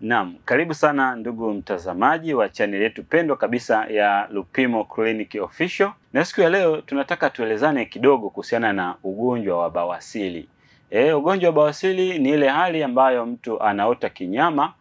Naam, karibu sana ndugu mtazamaji wa chaneli yetu pendwa kabisa ya Lupimo Clinic Official, na siku ya leo tunataka tuelezane kidogo kuhusiana na ugonjwa wa bawasiri. E, ugonjwa wa bawasiri ni ile hali ambayo mtu anaota kinyama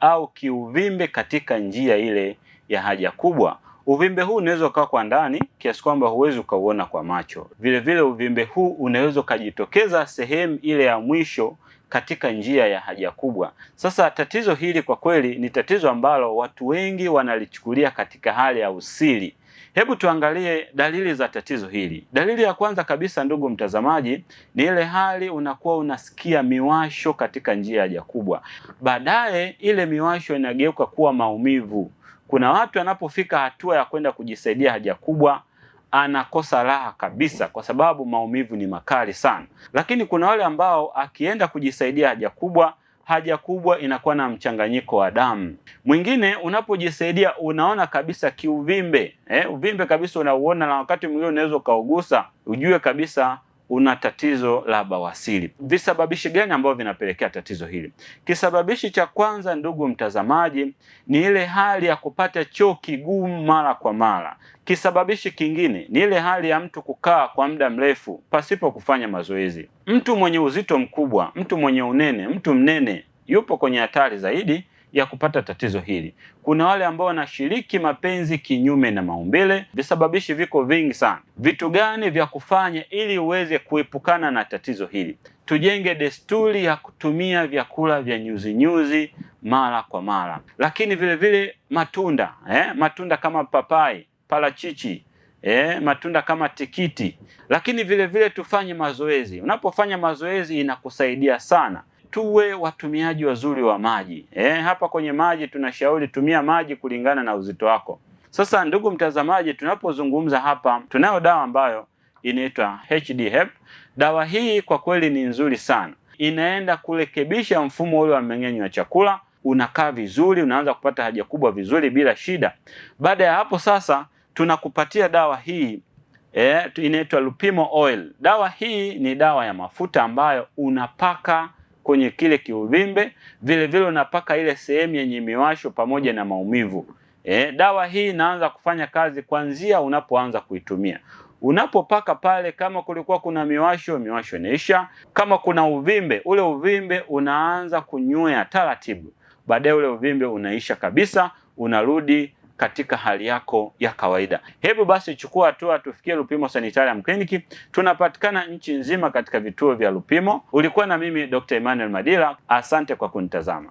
au kiuvimbe katika njia ile ya haja kubwa Uvimbe huu unaweza ukawa kwa ndani kiasi kwamba huwezi ukauona kwa macho. Vile vile uvimbe huu unaweza ukajitokeza sehemu ile ya mwisho katika njia ya haja kubwa. Sasa tatizo hili kwa kweli ni tatizo ambalo watu wengi wanalichukulia katika hali ya usiri. Hebu tuangalie dalili za tatizo hili. Dalili ya kwanza kabisa, ndugu mtazamaji, ni ile hali unakuwa unasikia miwasho katika njia ya haja kubwa, baadaye ile miwasho inageuka kuwa maumivu. Kuna watu anapofika hatua ya kwenda kujisaidia haja kubwa anakosa raha kabisa, kwa sababu maumivu ni makali sana. Lakini kuna wale ambao akienda kujisaidia haja kubwa, haja kubwa inakuwa na mchanganyiko wa damu. Mwingine unapojisaidia unaona kabisa kiuvimbe eh, uvimbe kabisa unauona, na wakati mwingine unaweza ukaugusa ujue kabisa una tatizo la bawasiri. Visababishi gani ambavyo vinapelekea tatizo hili? Kisababishi cha kwanza, ndugu mtazamaji, ni ile hali ya kupata choo kigumu mara kwa mara. Kisababishi kingine ni ile hali ya mtu kukaa kwa muda mrefu pasipo kufanya mazoezi. Mtu mwenye uzito mkubwa, mtu mwenye unene, mtu mnene yupo kwenye hatari zaidi ya kupata tatizo hili. Kuna wale ambao wanashiriki mapenzi kinyume na maumbile. Visababishi viko vingi sana. Vitu gani vya kufanya ili uweze kuepukana na tatizo hili? Tujenge desturi ya kutumia vyakula vya nyuzi nyuzi mara kwa mara, lakini vile vile matunda eh? matunda kama papai, parachichi eh? matunda kama tikiti, lakini vile vile tufanye mazoezi. Unapofanya mazoezi inakusaidia sana tuwe watumiaji wazuri wa maji. e, hapa kwenye maji tunashauri tumia maji kulingana na uzito wako. Sasa ndugu mtazamaji, tunapozungumza hapa, tunayo dawa ambayo inaitwa HD e Dawa hii kwa kweli ni nzuri sana, inaenda kurekebisha mfumo ule wa mmeng'enyo wa chakula, unakaa vizuri, unaanza kupata haja kubwa vizuri bila shida. Baada ya hapo sasa tunakupatia dawa hii eh, inaitwa Lupimo Oil. Dawa hii ni dawa ya mafuta ambayo unapaka kwenye kile kiuvimbe, vilevile unapaka ile sehemu yenye miwasho pamoja na maumivu. E, dawa hii inaanza kufanya kazi kwanzia unapoanza kuitumia. Unapopaka pale, kama kulikuwa kuna miwasho, miwasho inaisha. Kama kuna uvimbe, ule uvimbe unaanza kunywea taratibu, baadaye ule uvimbe unaisha kabisa, unarudi katika hali yako ya kawaida. Hebu basi chukua hatua, tufikie Lupimo Sanitarium Clinic. Tunapatikana nchi nzima katika vituo vya Lupimo. Ulikuwa na mimi Dr. Emmanuel Madila, asante kwa kunitazama.